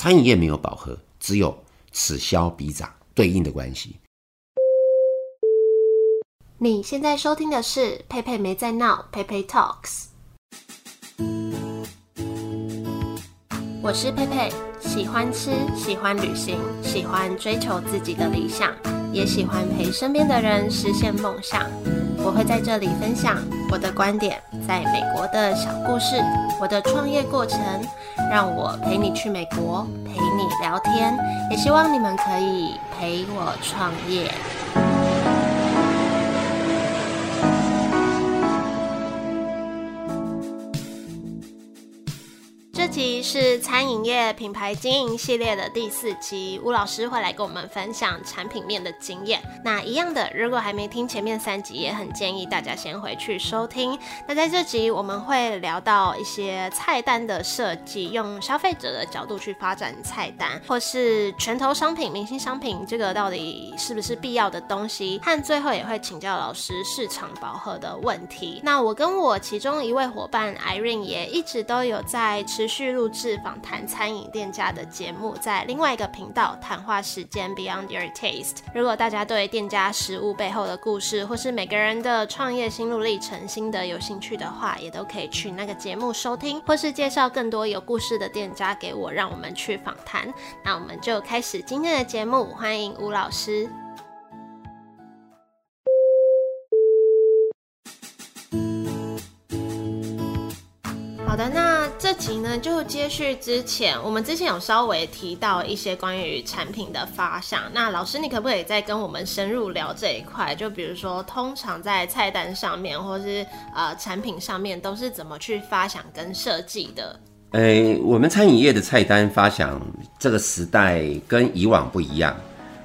餐飲業沒有飽和，只有此消彼長對應的關係。你現在收聽的是佩佩沒在鬧，佩佩 Talks。我是佩佩，喜歡吃，喜歡旅行，喜歡追求自己的理想，也喜歡陪身邊的人實現夢想。我會在這裡分享我的觀點，在美國的小故事，我的創業過程。讓我陪你去美國，陪你聊天，也希望你們可以陪我創業。這集是餐飲業品牌經營系列的第四集，吳老師會來跟我們分享產品面的經驗。那一樣的，如果還沒聽前面三集，也很建議大家先回去收聽。那在這集我們會聊到一些菜單的設計，用消費者的角度去發展菜單，或是拳頭商品、明星商品，這個到底是不是必要的東西？和最後也會請教老師市場飽和的問題。那我跟我其中一位夥伴 Irene 也一直都有在吃。續錄製訪談餐飲店家的節目，在另外一個頻道談話食間 Beyond Your Taste。如果大家對店家食物背後的故事，或是每個人的創業心路歷程心得有興趣的話，也都可以去那個節目收聽，或是介紹更多有故事的店家給我，讓我們去訪談。那我們就開始今天的節目，歡迎吳老師。好的，那。這集呢，就接續之前，我們之前有稍微提到一些關於產品的發想。那老師，你可不可以再跟我們深入聊這一塊？就比如說，通常在菜單上面，或是呃產品上面，都是怎麼去發想跟設計的？誒、欸，我們餐飲業的菜單發想，這個時代跟以往不一樣。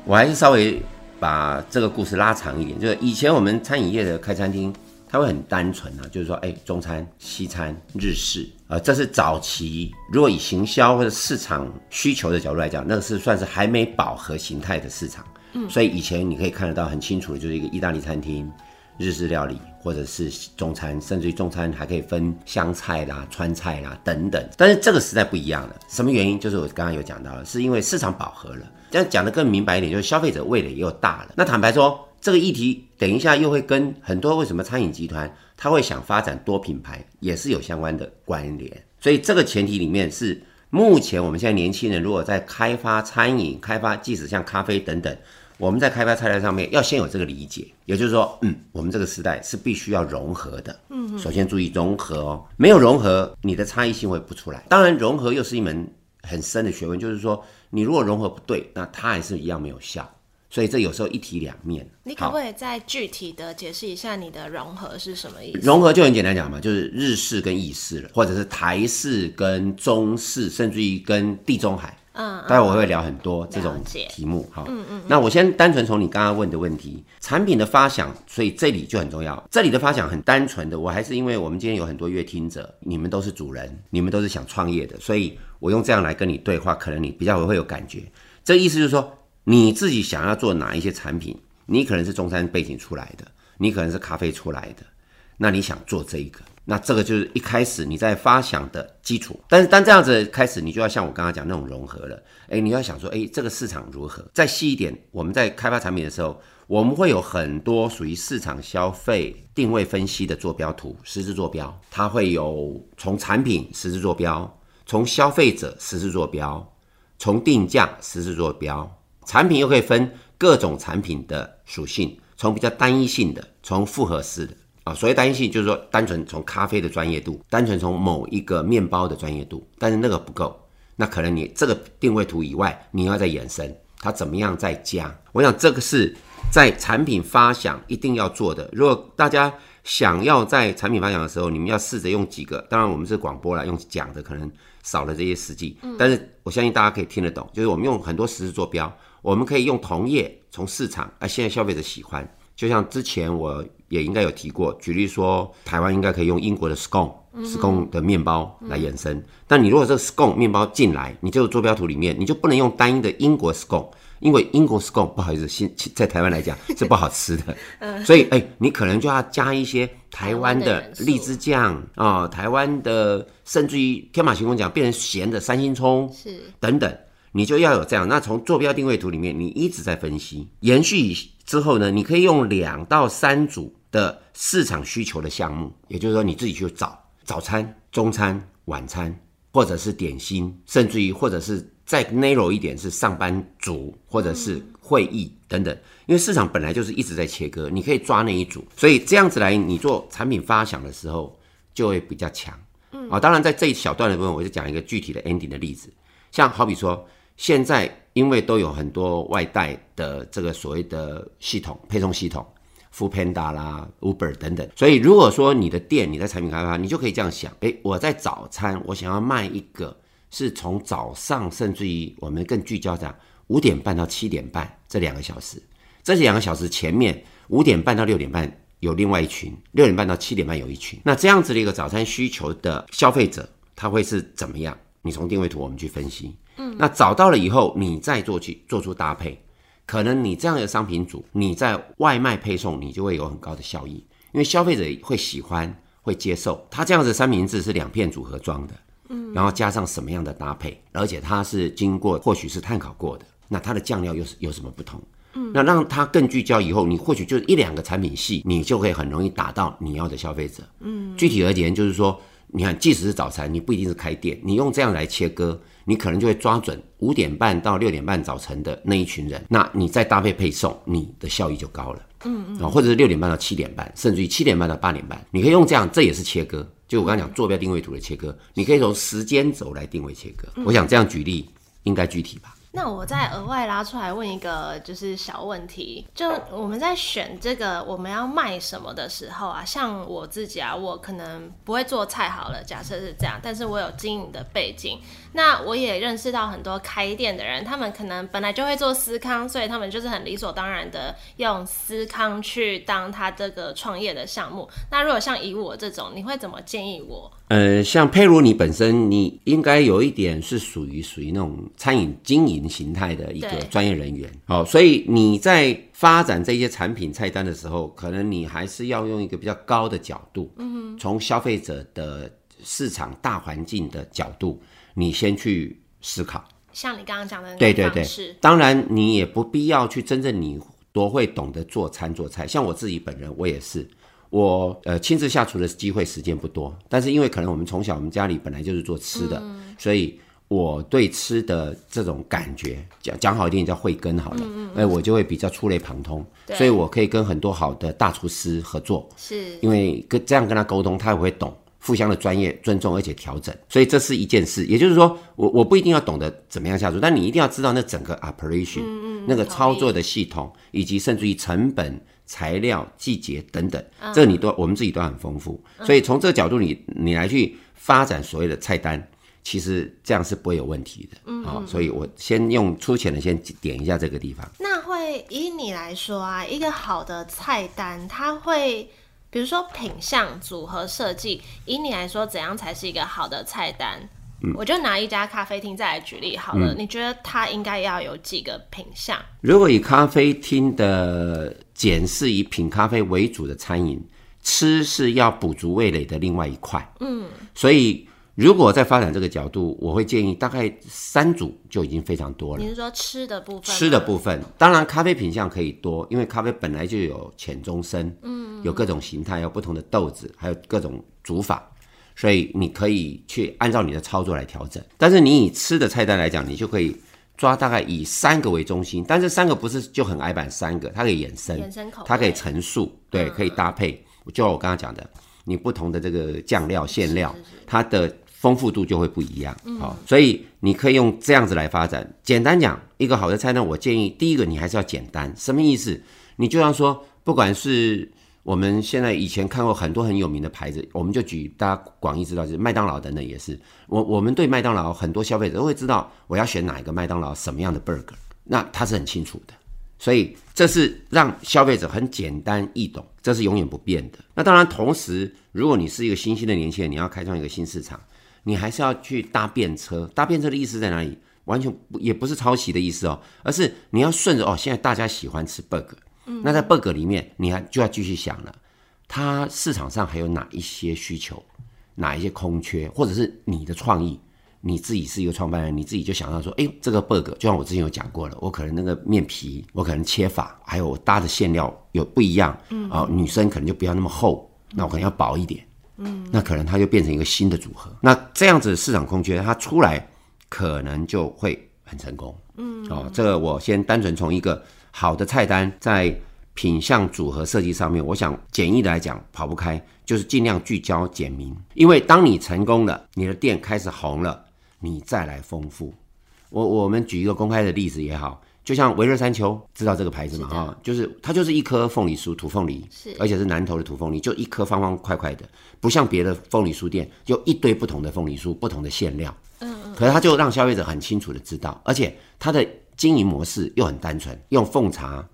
我還是稍微把這個故事拉長一點，就是以前我們餐飲業的開餐廳。它會很單純啊，就是說，誒中餐、西餐、日式，呃，這是早期如果以行銷或者市場需求的角度來講，那個是算是還沒飽和形態的市場。嗯，所以以前你可以看得到很清楚的就是一個意大利餐廳、日式料理，或者是中餐，甚至於中餐還可以分湘菜啦、川菜啦等等。但是這個時代不一樣了，什麼原因？就是我剛剛有講到了，是因為市場飽和了。這樣講得更明白一點，就是消費者味蕾又大了。那坦白說。這個議題等一下又會跟很多為什麼餐飲集團他會想發展多品牌，也是有相關的關聯，所以這個前提裡面是目前我們現在年輕人如果在開發餐飲開發，即使像咖啡等等，我們在開發菜單上面要先有這個理解，也就是說，嗯，我們這個時代是必須要融合的，嗯，首先注意融合哦，沒有融合你的差異性會不出來。當然，融合又是一門很深的學問，就是說你如果融合不對，那它還是一樣沒有效。所以這有時候一體兩面，你可不可以再具體的解釋一下你的融合是什麼意思？融合就很簡單講嘛，就是日式跟意式了，或者是台式跟中式，甚至於跟地中海。嗯，待會我會聊很多這種題目。哈，嗯嗯。那我先單純從你剛剛問的問題，產品的發想，所以這裡就很重要。這裡的發想很單純的，我還是因為我們今天有很多閱聽者，你們都是主人，你們都是想創業的，所以我用這樣來跟你對話，可能你比較會有感覺。這意思就是說。你自己想要做哪一些產品？你可能是中山背景出來的，你可能是咖啡出來的，那你想做這一個，那這個就是一開始你在發想的基礎。但是當這樣子開始，你就要像我剛剛講那種融合了。哎、欸，你要想說，哎、欸，這個市場如何？再細一點，我們在開發產品的時候，我們會有很多屬於市場消費定位分析的坐標圖、十字坐標，它會有從產品十字坐標，從消費者十字坐標，從定價十字坐標。產品又可以分各種產品的屬性，從比較單一性的，從複合式的啊。所謂單一性，就是說單純從咖啡的專業度，單純從某一個麵包的專業度，但是那個不夠，那可能你這個定位圖以外，你要再延伸，它怎麼樣再加？我想這個是在產品發想一定要做的。如果大家想要在產品發想的時候，你們要試着用幾個，當然我們是廣播啦，用講的，可能少了這些實際，嗯、但是我相信大家可以聽得懂，就是我們用很多實時坐標。我們可以用同業從市場啊，現在消費者喜歡，就像之前我也應該有提過。舉例說，台灣應該可以用英國的 scone，scone 的面包來延伸。嗯、哼但你如果這個 scone 麵包進來，你就坐標圖裡面，你就不能用單一的英國 scone，因為英國 scone 不好意思，新在台灣來講是不好吃的。 呃、所以，哎、欸，你可能就要加一些台灣的荔枝醬啊、哦，台灣的，甚至於天馬行空講變成鹹的三星蔥是等等。你就要有這樣。那從坐標定位圖裡面，你一直在分析延續之後呢，你可以用兩到三組的市場需求的項目，也就是說你自己去找早餐、中餐、晚餐，或者是點心，甚至於或者是再 narrow 一點是上班族或者是會議等等。因為市場本來就是一直在切割，你可以抓那一組，所以這樣子來你做產品發想的時候就會比較強。嗯、哦、啊，當然在這一小段的部分，我就講一個具體的 ending 的例子，像好比說。現在因為都有很多外帶的這個所謂的系統配送系統 Foodpanda 啦、Uber 等等，所以如果說你的店你在產品開發，你就可以這樣想，誒，我在早餐，我想要賣一個是從早上，甚至於我們更聚焦在五點半到七點半這兩個小時，這兩個小時前面五點半到六點半有另外一群，六點半到七點半有一群，那這樣子的一個早餐需求的消費者，他會是怎麼樣？你從定位圖我們去分析。嗯，那找到了以後，你再做去做出搭配，可能你這樣的商品組，你在外賣配送，你就會有很高的效益，因為消費者會喜歡，會接受。他這樣子三明治是兩片組合裝的，嗯，然後加上什麼樣的搭配，而且它是經過或許是碳烤過的，那它的醬料又是有什麼不同？嗯，那讓它更聚焦以後，你或許就一兩個產品系，你就可以很容易打到你要的消費者。嗯，具體而言就是說。你看，即使是早餐，你不一定是開店，你用這樣來切割，你可能就會抓準五點半到六點半早晨的那一群人，那你再搭配配送，你的效益就高了。嗯嗯，或者是六點半到七點半，甚至於七點半到八點半，你可以用這樣，這也是切割，就我剛剛講坐標定位圖的切割，你可以從時間軸來定位切割。嗯。我想這樣舉例應該具體吧。那我再額外拉出來問一個，就是小問題。就我們在選這個我們要賣什麼的時候啊，像我自己啊，我可能不會做菜好了，假設是這樣，但是我有經營的背景。那我也認識到很多開店的人，他們可能本來就會做司康，所以他們就是很理所當然的用司康去當他這個創業的項目。那如果像以我這種，你會怎麼建議我？呃，像佩如你本身，你應該有一點是屬於屬於那種餐飲經營形態的一個專業人員，好對、哦，所以你在發展這些產品菜單的時候，可能你還是要用一個比較高的角度，嗯哼，從消費者的市場大環境的角度，你先去思考。像你剛剛講的，對對對，是當然你也不必要去真正你多會懂得做餐做菜。像我自己本人，我也是，我呃親自下廚的機會時間不多，但是因為可能我們從小我們家裡本來就是做吃的，嗯、所以。我對吃的這種感覺，講講好一點叫慧根好了，嗯嗯嗯我就會比較觸類旁通，對所以我可以跟很多好的大廚師合作，是因為跟這樣跟他溝通，他也會懂，互相的專業尊重而且調整，所以這是一件事。也就是說，我我不一定要懂得怎麼樣下廚，但你一定要知道那整個 operation 嗯嗯那個操作的系統，嗯嗯以及甚至於成本、材料、季節等等，這個、你都、嗯、我們自己都很豐富，所以從這個角度你你來去發展所謂的菜單。其實這樣是不會有問題的，好、嗯哦，所以我先用粗淺的先點一下這個地方。那會以你來說啊，一個好的菜單，它會比如說品項組合設計，以你來說，怎樣才是一個好的菜單？嗯，我就拿一家咖啡廳再來舉例好了。嗯、你覺得它應該要有幾個品項？如果以咖啡廳的簡，是以品咖啡為主的餐飲，吃是要補足味蕾的另外一塊。嗯，所以。如果在發展這個角度，我會建議大概三組就已經非常多了。比如說吃的部分，吃的部分，當然咖啡品項，可以多，因為咖啡本來就有淺、中、深，嗯、嗯、嗯，有各種形態，有不同的豆子，還有各種煮法，所以你可以去按照你的操作來調整。但是你以吃的菜單來講，你就可以抓大概以三個為中心，但是三個不是就很矮板三個，它可以衍生，衍生口，它可以陳數，對，嗯、可以搭配。就我剛剛講的，你不同的這個醬料、料、餡料，它的，豐富度就會不一樣，好、嗯哦，所以你可以用這樣子來發展。簡單講，一個好的菜呢，我建議第一個你還是要簡單。什麼意思？你就像說，不管是我們現在以前看過很多很有名的牌子，我們就舉大家廣義知道，就是麥當勞等等也是。我我們對麥當勞很多消費者都會知道我要選哪一個麥當勞什麼樣的 burger，那他是很清楚的。所以這是讓消費者很簡單易懂，這是永遠不變的。那當然，同時如果你是一個新興的年輕人，你要開創一個新市場。你還是要去搭便車，搭便車的意思在哪裡？完全也不是抄襲的意思哦，而是你要順着哦，現在大家喜歡吃 burger，、嗯、那在 burger 裡面，你還就要繼續想了，它市場上還有哪一些需求，哪一些空缺，或者是你的創意，你自己是一個創辦人，你自己就想到說，哎、欸、這個 burger，就像我之前有講過了，我可能那個麵皮，我可能切法，還有我搭的餡料有不一樣，嗯，啊、呃，女生可能就不要那麼厚，那我可能要薄一點。嗯，那可能它就變成一個新的組合。那這樣子市場空缺，它出來可能就會很成功。嗯，哦，這個我先單純從一個好的菜單在品項組合設計上面，我想簡易的來講跑不開，就是盡量聚焦簡明。因為當你成功了，你的店開始紅了，你再來豐富。我我們舉一個公開的例子也好。就像微熱山丘，知道這個牌子嗎？哈，就是它，就是一顆鳳梨酥，土鳳梨，是，而且是南投的土鳳梨，就一顆方方塊塊的，不像別的鳳梨酥店，就一堆不同的鳳梨酥，不同的餡料，嗯嗯，可是它就讓消費者很清楚的知道，而且它的經營模式又很單純，用奉茶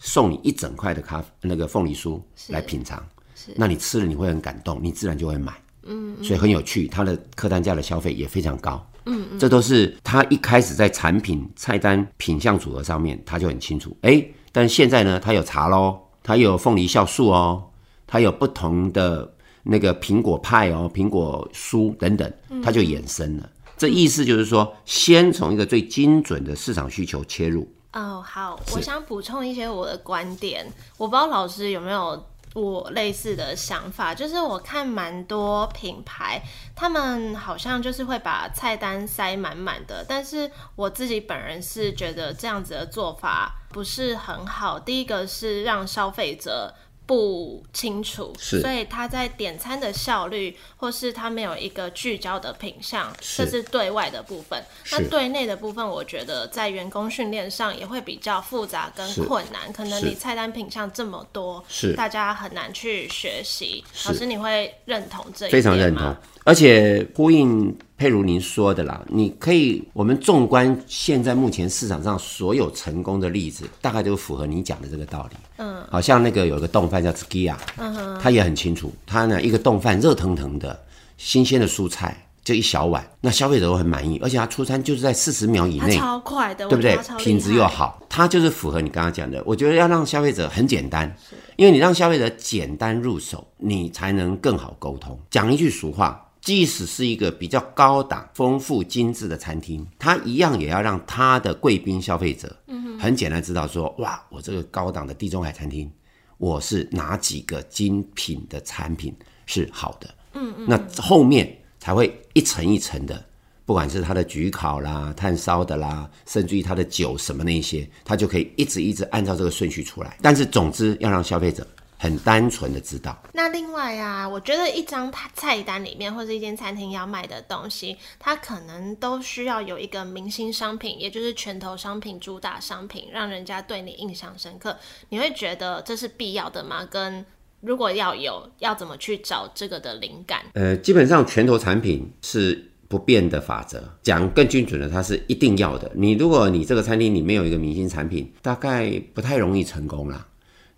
送你一整塊的咖啡那個鳳梨酥來品嘗，是，是，那你吃了你會很感動，你自然就會買，嗯，所以很有趣，它的客單價的消費也非常高。嗯，這都是他一開始在產品菜單品項組合上面，他就很清楚。哎，但現在呢，他有茶嘍，他有鳳梨酵素哦，他有不同的那個蘋果派哦，蘋果酥等等，他就衍生了。嗯、這意思就是說，先從一個最精準的市場需求切入。哦，好，是我想補充一些我的觀點，我不知道老師有沒有。我類似的想法，就是我看蠻多品牌，他們好像就是會把菜單塞滿滿的，但是我自己本人是覺得這樣子的做法不是很好。第一個是讓消費者。不清楚，是所以他在點餐的效率，或是他沒有一個聚焦的品項，這是對外的部分。是那對內的部分，我覺得在員工訓練上也會比較複雜跟困難。是可能你菜單品項這麼多，是大家很難去學習。是老師，你會認同這一點嗎？非常認同。而且供應。譬如您說的啦，你可以，我們縱觀現在目前市場上所有成功的例子，大概就符合你講的這個道理。嗯，好像那個有一個丼飯，叫 Sukiya，嗯哼，他也很清楚，他呢，一個丼飯熱騰騰的、新鮮的蔬菜，就一小碗，那消費者都很滿意，而且他出餐就是在四十秒以內，超快的，對不對？品質又好，它就是符合你剛剛講的。我覺得要讓消費者很簡單，是因為你讓消費者簡單入手，你才能更好溝通。講一句俗話。即使是一個比較高檔、豐富、精致的餐廳，它一樣也要讓他的貴賓消費者很簡單知道說，哇，我這個高檔的地中海餐廳，我是哪幾個精品的產品是好的？嗯嗯，那後面才會一層一層的，不管是他的焗烤啦、炭燒的啦，甚至於他的酒什麼那些，他就可以一直一直按照這個順序出來。但是總之要讓消費者，很單純的知道。那另外啊，我覺得一張菜單裡面或者一間餐廳要賣的東西，它可能都需要有一個明星商品，也就是拳頭商品、主打商品，讓人家對你印象深刻。你會覺得這是必要的嗎？跟如果要有，要怎麼去找這個的靈感？呃，基本上拳頭產品是不變的法則。講更精準的，它是一定要的。你如果你這個餐廳裡面有一個明星產品，大概不太容易成功啦。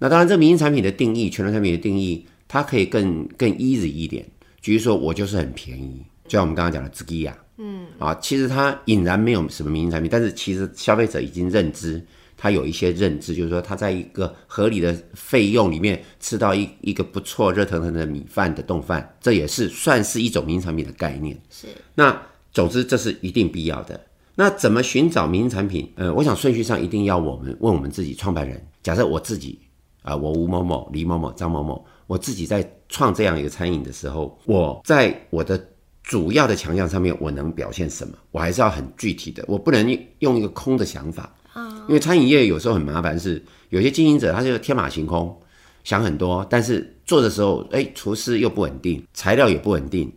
那當然，這明星產品的定義，拳頭產品的定義，它可以更更 easy 一點。比如說，我就是很便宜，就像我們剛剛講的 Zigia，嗯，啊，其實它儼然沒有什麼明星產品，但是其實消費者已經認知，他有一些認知，就是說他在一個合理的費用裡面吃到一一個不錯熱騰騰的米飯的丼飯，這也是算是一種明星產品的概念。是。那總之，這是一定必要的。那怎麼尋找明星產品？呃，我想順序上一定要我們問我們自己創辦人。假設我自己。啊、呃，我吳某某、李某某、張某某，我自己在創這樣一個餐飲的時候，我在我的主要的強項上面，我能表現什麼？我還是要很具體的，我不能用一個空的想法啊。因為餐飲業有時候很麻煩，是有些經營者他就是天馬行空，想很多，但是做的時候，哎、欸，廚師又不穩定，材料也不穩定。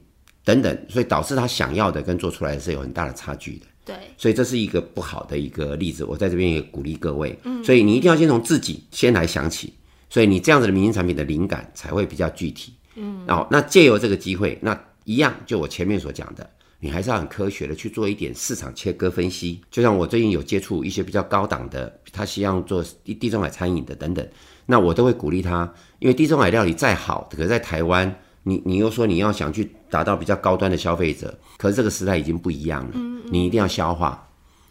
等等，所以導致他想要的跟做出來的是有很大的差距的。對，所以這是一個不好的一個例子。我在這邊也鼓勵各位，嗯,嗯，所以你一定要先從自己先來想起，所以你這樣子的明星產品的靈感才會比較具體，嗯。哦，那借由這個機會，那一樣就我前面所講的，你還是要很科學的去做一點市場切割分析。就像我最近有接觸一些比較高檔的，他希望做地地中海餐飲的等等，那我都會鼓勵他，因為地中海料理再好，可是在台灣。你你又說你要想去達到比較高端的消費者，可是這個時代已經不一樣了。你一定要消化，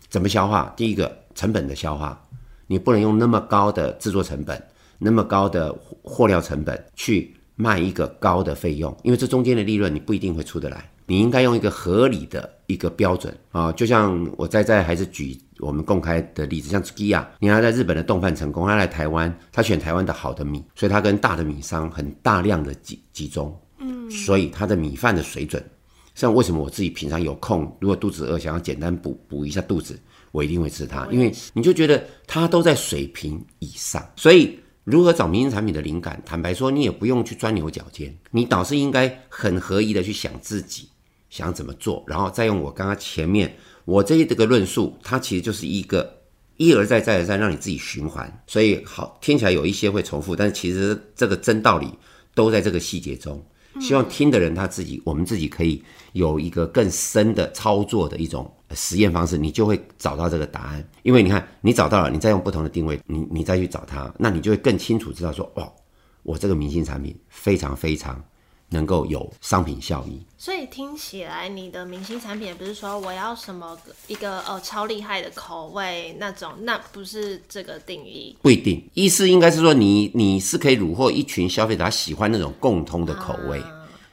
怎麼消化？第一個成本的消化，你不能用那麼高的製作成本、那麼高的貨料成本去賣一個高的費用，因為這中間的利潤你不一定會出得來。你應該用一個合理的一個標準啊，就像我在在還是舉。我們公開的例子，像 Sukiya、啊、你看在日本的丼飯成功，他來台灣，他選台灣的好的米，所以他跟大的米商很大量的集集中，嗯，所以他的米飯的水準，像為什麼我自己平常有空，如果肚子餓，想要簡單補補一下肚子，我一定會吃它，嗯，因為你就覺得它都在水平以上，所以如何找明星產品的靈感，坦白說，你也不用去鑽牛角尖，你倒是應該很合宜的去想自己想怎麼做，然後再用我剛剛前面。我這這個論述，它其實就是一個一而再再而三讓你自己循環，所以好，聽起來有一些會重複，但是其實這個真道理都在這個細節中。希望聽的人他自己，我們自己可以有一個更深的操作的一種實驗方式，你就會找到這個答案。因為你看，你找到了，你再用不同的定位，你你再去找他，那你就會更清楚知道說，哇、哦，我這個明星產品非常非常。能夠有商品效益，所以聽起來你的明星產品也不是說我要什麼一個呃、哦、超厲害的口味那種，那不是這個定義。不一定，意思應該是說你你是可以虜獲一群消費者，他喜歡那種共通的口味，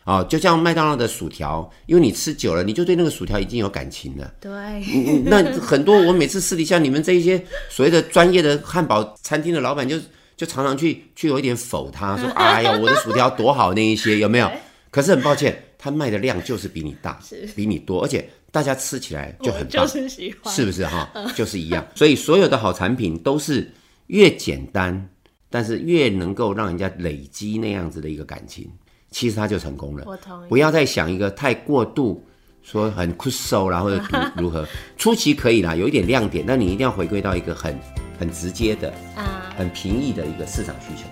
啊、哦，就像麥當勞的薯條，因為你吃久了，你就對那個薯條已經有感情了。對、嗯，那很多我每次私底下 你們這一些所謂的專業的漢堡餐廳的老闆就。就常常去去有一點否他，他說：“哎呀，我的薯條多好，那一些有沒有？對可是很抱歉，他賣的量就是比你大，是比你多，而且大家吃起來就很棒，是，是不是哈？哦、 就是一樣。所以所有的好產品都是越簡單，但是越能夠讓人家累積那樣子的一個感情，其實他就成功了。我同意。不要再想一個太過度，說很酷 show 啦，或者如何， 初期可以啦，有一點亮點，但你一定要回歸到一個很。”很直接的，啊，很平易的一個市場需求。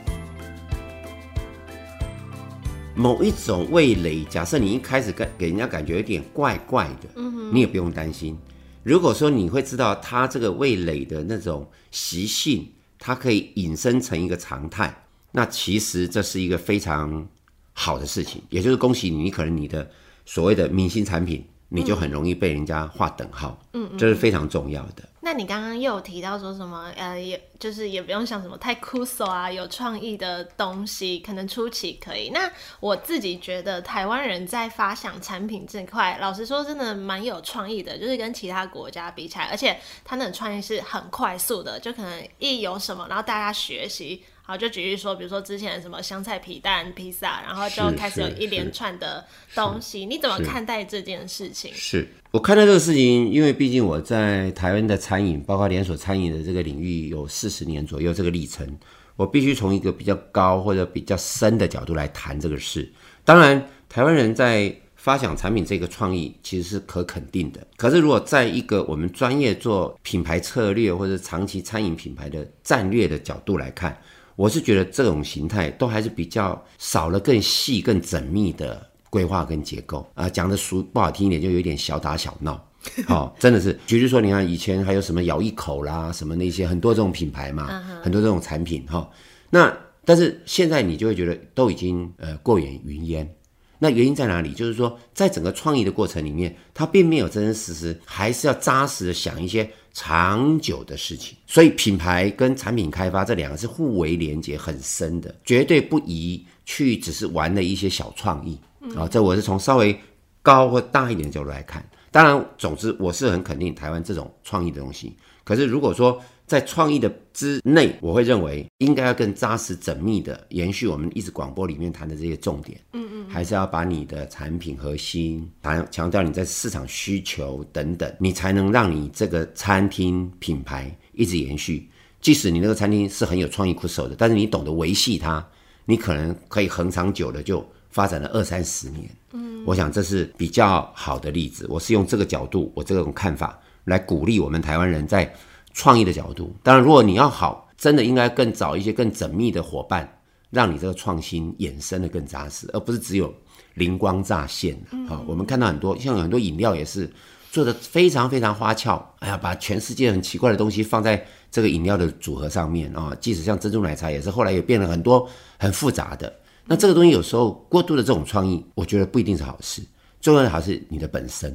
某一種味蕾，假設你一開始給給人家感覺有點怪怪的，你也不用擔心。如果說你會知道它這個味蕾的那種習性，它可以引申成一個常態，那其實這是一個非常好的事情，也就是恭喜你，你可能你的所謂的明星產品。你就很容易被人家劃等號，嗯，嗯嗯，這是非常重要的。那你剛剛又有提到說什麼？呃，也就是也不用想什麼太酷 so 啊，有創意的東西，可能初期可以。那我自己覺得，台灣人在發想產品這塊，老實說，真的蠻有創意的，就是跟其他國家比起來，而且他的創意是很快速的，就可能一有什麼，然後大家學習。好，就舉例說，比如說之前的什麼香菜皮蛋披薩，然後就開始有一連串的東西。你怎麼看待這件事情？是，是，是我看待這個事情，因為畢竟我在台灣的餐飲，包括連鎖餐飲的這個領域有四十年左右這個歷程，我必須從一個比較高或者比較深的角度來談這個事。當然，台灣人在發想產品這個創意其實是可肯定的，可是如果在一個我們專業做品牌策略或者長期餐飲品牌的戰略的角度來看。我是覺得這種形態都還是比較少了更細、更縝密的規劃跟結構啊、呃，講的俗不好聽一點，就有點小打小鬧，好、 哦，真的是。比如說，你看以前還有什麼咬一口啦，什麼那些很多這種品牌嘛，uh huh. 很多這種產品哈、哦。那但是現在你就會覺得都已經呃過眼雲煙，那原因在哪裡？就是說，在整個創意的過程裡面，它並沒有真真實實，還是要扎實的想一些。長久的事情，所以品牌跟產品開發這兩個是互為連結很深的，絕對不宜去只是玩了一些小創意啊。嗯，這我是從稍微高或大一點的角度來看。當然，總之我是很肯定台灣這種創意的東西。可是如果說，在創意的之內，我會認為應該要更扎實、縝密的延續我們一直廣播裡面談的這些重點。嗯嗯，還是要把你的產品核心還有強調你在市場需求等等，你才能讓你這個餐廳品牌一直延續。即使你那個餐廳是很有創意苦手的，但是你懂得維繫它，你可能可以恆長久的就發展了二三十年。嗯，我想這是比較好的例子。我是用這個角度，我這種看法來鼓勵我們台灣人在創意的角度，當然，如果你要好，真的應該更找一些更縝密的夥伴，讓你這個創新衍生得更扎實，而不是只有靈光乍現。啊、嗯哦，我們看到很多，像很多飲料也是做得非常非常花俏，哎呀，把全世界很奇怪的東西放在這個飲料的組合上面啊、哦，即使像珍珠奶茶，也是後來也變了很多很複雜的。那這個東西有時候過度的這種創意，我覺得不一定是好事。重要的還是你的本身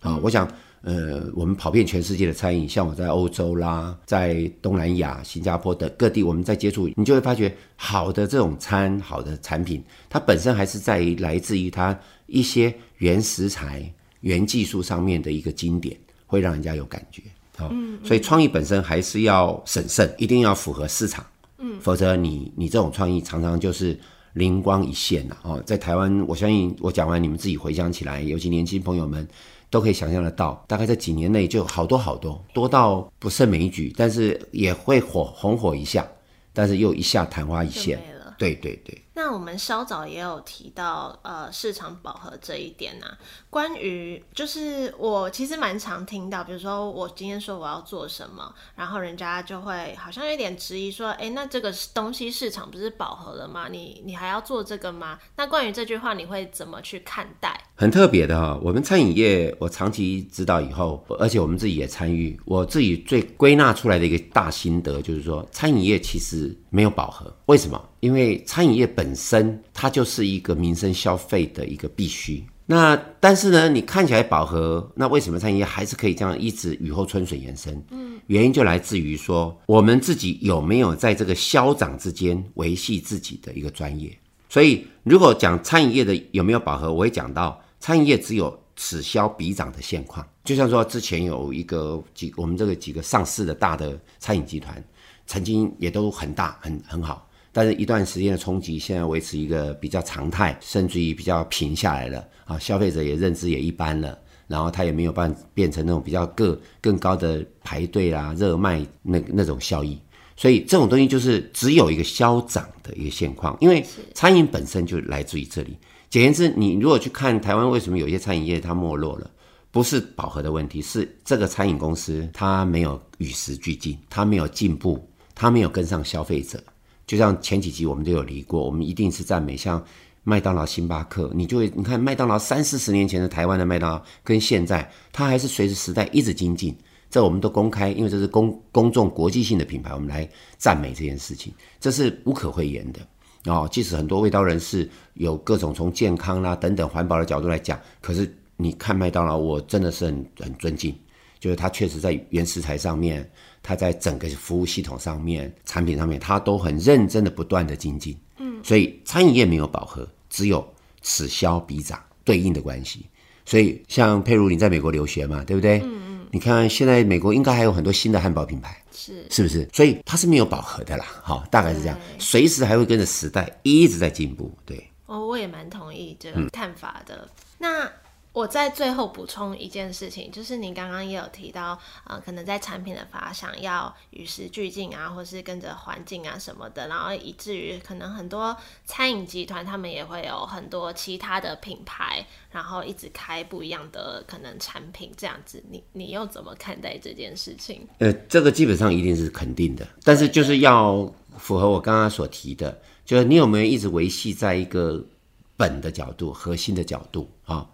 啊、哦，我想。呃，我們跑遍全世界的餐飲，像我在歐洲啦，在東南亞、新加坡等各地，我們在接觸，你就會發覺，好的這種餐、好的產品，它本身還是在於來自於它一些原食材、原技術上面的一個經典，會讓人家有感覺。哦，嗯嗯，所以創意本身還是要審慎，一定要符合市場。嗯，否則你你這種創意常常就是靈光一現吶，啊。哦，在台灣，我相信我講完，你們自己回想起來，尤其年輕朋友們。都可以想象得到，大概在幾年內就好多好多，多到不勝枚舉。但是也會火，紅火一下，但是又一下曇花一現。對對對。那我們稍早也有提到，呃，市場飽和這一點呢？關於就是我其實蠻常聽到，比如說我今天說我要做什麼，然後人家就會好像有點質疑說：“哎，那這個東西市場不是飽和了嗎？你你還要做這個嗎？”那關於這句話，你會怎麼去看待？很特別的哈，我們餐飲業我長期指導以後，而且我們自己也參與，我自己最歸納出來的一個大心得就是說，餐飲業其實沒有飽和。為什麼？因為餐飲業本本身它就是一個民生消費的一個必須。那但是呢，你看起來飽和，那為什麼餐飲業還是可以這樣一直雨後春筍延伸？嗯，原因就來自於說，我們自己有沒有在這個消長之間維繫自己的一個專業。所以，如果講餐飲業的有沒有飽和，我會講到餐飲業只有此消彼長的現況。就像說之前有一個幾，我們這個幾個上市的大的餐飲集團，曾經也都很大，很很好。但是一段時間的衝擊，現在維持一個比較常態，甚至於比較平下來了啊。消費者也認知也一般了，然後他也沒有辦法變成那種比較個更高的排隊啊、熱賣那那種效益。所以這種東西就是只有一個消長的一個現況，因為餐飲本身就來自於這裡。簡言之，你如果去看台灣為什麼有些餐飲業它沒落了，不是飽和的問題，是這個餐飲公司它沒有與時俱進，它沒有進步，它沒有跟上消費者。就像前幾集我們都有提過，我們一定是讚美像麥當勞、星巴克，你就會你看麥當勞三四十年前的台灣的麥當勞，跟現在它還是隨着時代一直精進。這我們都公開，因為這是公公眾國際性的品牌，我們來讚美這件事情，這是無可諱言的哦，即使很多衛道人士有各種從健康啦、啊、等等環保的角度來講，可是你看麥當勞，我真的是很很尊敬，就是它確實在原食材上面。它在整個服務系統上面、產品上面，它都很認真的、不斷的精進,進。嗯，所以餐飲業沒有飽和，只有此消彼長對應的關係。所以像佩如你在美國留學嘛，對不對？嗯嗯。你看現在美國應該還有很多新的漢堡品牌，是是不是？所以它是沒有飽和的啦。好，大概是這樣，對隨時還會跟着時代一直在進步。對，哦，我也蠻同意這個看法的。嗯、那。我再最後補充一件事情，就是你剛剛也有提到，啊、呃，可能在產品的發想要與時俱進啊，或是跟着環境啊什麼的，然後以至於可能很多餐飲集團他們也會有很多其他的品牌，然後一直開不一樣的可能產品這樣子，你你又怎麼看待這件事情？呃，這個基本上一定是肯定的，但是就是要符合我剛剛所提的，就是你有沒有一直維繫在一個本的角度、核心的角度啊？哦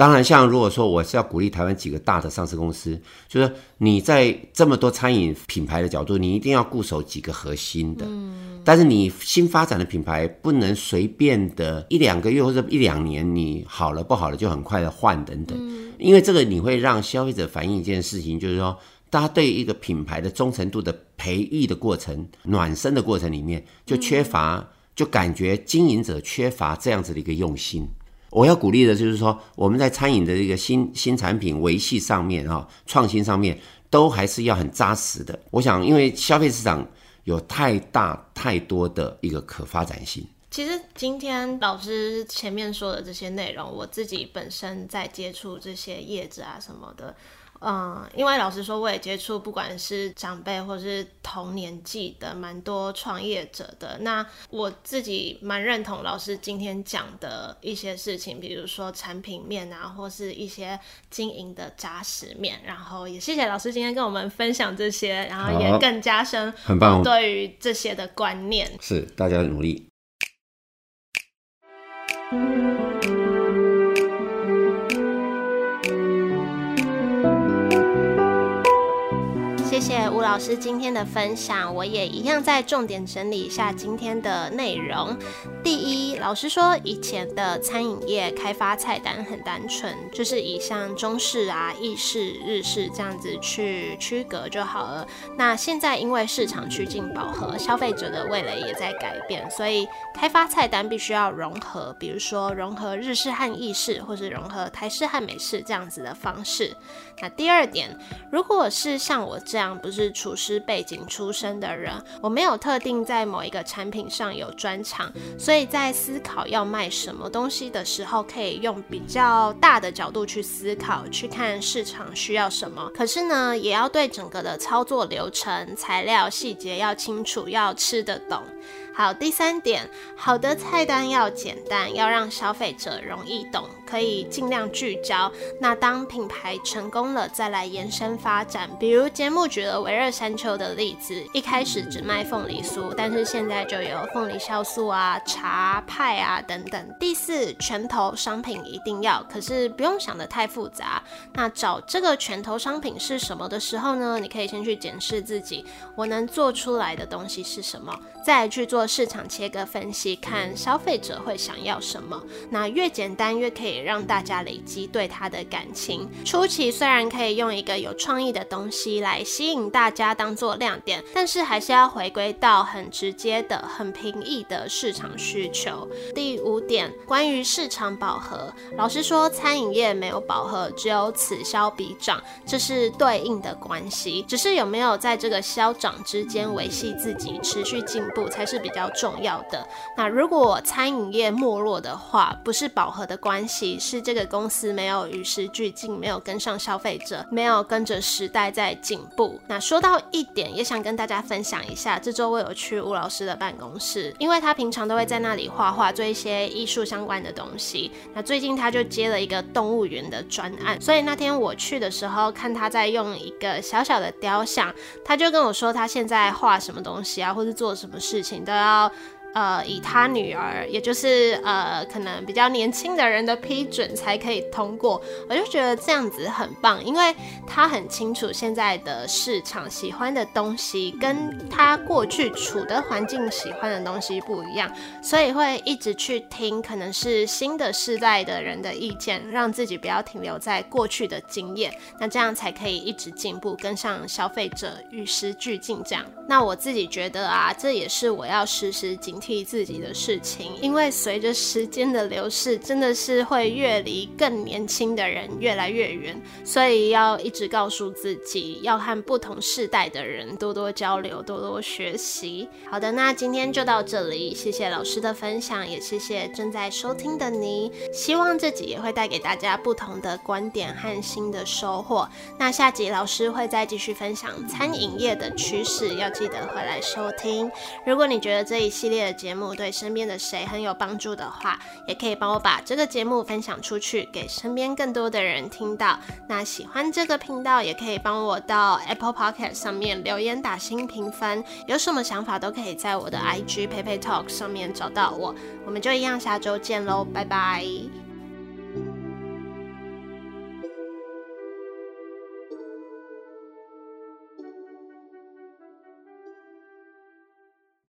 當然，像如果說我是要鼓勵台灣幾個大的上市公司，就是你在這麼多餐飲品牌的角度，你一定要固守幾個核心的。嗯。但是你新發展的品牌，不能隨便的，一兩個月或者一兩年，你好了不好了就很快的換等等。嗯。因為這個，你會讓消費者反映一件事情，就是說，大家對一個品牌的忠誠度的培育的過程、暖身的過程裡面，就缺乏，嗯。就感覺經營者缺乏這樣子的一個用心。我要鼓勵的就是說，我們在餐飲的這個新新產品維繫上面哈、哦，創新上面，都還是要很扎實的。我想，因為消費市場有太大太多的一個可發展性。其實今天老師前面說的這些內容，我自己本身在接觸這些業者啊什麼的。嗯，因為老師說，我也接觸不管是長輩或是同年紀的蠻多創業者的。那我自己蠻認同老師今天講的一些事情，比如說產品面啊，或是一些經營的扎實面。然後也謝謝老師今天跟我們分享這些，然後也更加深很棒對於這些的觀念。是，大家努力。嗯吳老師今天的分享，我也一樣再重點整理一下今天的內容。第一，老師說以前的餐飲業開發菜單很單純，就是以像中式啊、意式、日式這樣子去區隔就好了。那現在因為市場趨近飽和，消費者的味蕾也在改變，所以開發菜單必須要融合，比如說融合日式和意式，或是融合台式和美式這樣子的方式。那第二點，如果是像我這樣不是廚師背景出身的人，我沒有特定在某一個產品上有專長，所以在思考要賣什麼東西的時候，可以用比較大的角度去思考，去看市場需要什麼。可是呢，也要對整個的操作流程、材料細節要清楚，要吃得懂。好，第三點，好的菜單要簡單，要讓消費者容易懂。可以盡量聚焦。那當品牌成功了，再來延伸發展。比如節目舉了微熱山丘的例子，一開始只賣鳳梨酥，但是現在就有鳳梨酵素啊、茶啊、派啊等等。第四，拳頭商品一定要，可是不用想得太複雜。那找這個拳頭商品是什麼的時候呢？你可以先去檢視自己，我能做出來的東西是什麼，再去做市場切割分析，看消費者會想要什麼。那越簡單越可以。讓大家累積對他的感情。初期雖然可以用一個有創意的東西來吸引大家當做亮點，但是還是要回歸到很直接的、很平易的市場需求。第五點，關於市場飽和，老實說，餐飲業沒有飽和，只有此消彼長，這是對應的關係。只是有沒有在這個消長之間維繫自己持續進步，才是比較重要的。那如果餐飲業沒落的話，不是飽和的關係。是這個公司沒有與時俱進，沒有跟上消費者，沒有跟着時代在進步。那說到一點，也想跟大家分享一下，這週我有去吳老師的辦公室，因為他平常都會在那裡畫畫，做一些藝術相關的東西。那最近他就接了一個動物園的專案，所以那天我去的時候，看他在用一個小小的雕像，他就跟我說，他現在畫什麼東西啊，或是做什麼事情都要。呃，以他女兒，也就是呃，可能比較年輕的人的批准才可以通過。我就覺得這樣子很棒，因為他很清楚現在的市場喜歡的東西，跟他過去處的環境喜歡的東西不一樣，所以會一直去聽可能是新的世代的人的意見，讓自己不要停留在過去的經驗，那這樣才可以一直進步，跟上消費者與時俱進這樣。那我自己覺得啊，這也是我要時時精。替自己的事情，因為隨着時間的流逝，真的是會越離更年輕的人越來越遠，所以要一直告訴自己，要和不同世代的人多多交流，多多學習。好的，那今天就到這裡，謝謝老師的分享，也謝謝正在收聽的你。希望自己也會帶給大家不同的觀點和新的收穫。那下集老師會再繼續分享餐飲業的趨勢，要記得回來收聽。如果你覺得這一系列，節目對身邊的誰很有幫助的話，也可以幫我把這個節目分享出去，給身邊更多的人聽到。那喜歡這個頻道，也可以幫我到 Apple Podcast 上面留言打星評分。有什麼想法都可以在我的 IG PeiPeiTalks 上面找到我。我們就一樣，下周見嘍，拜拜。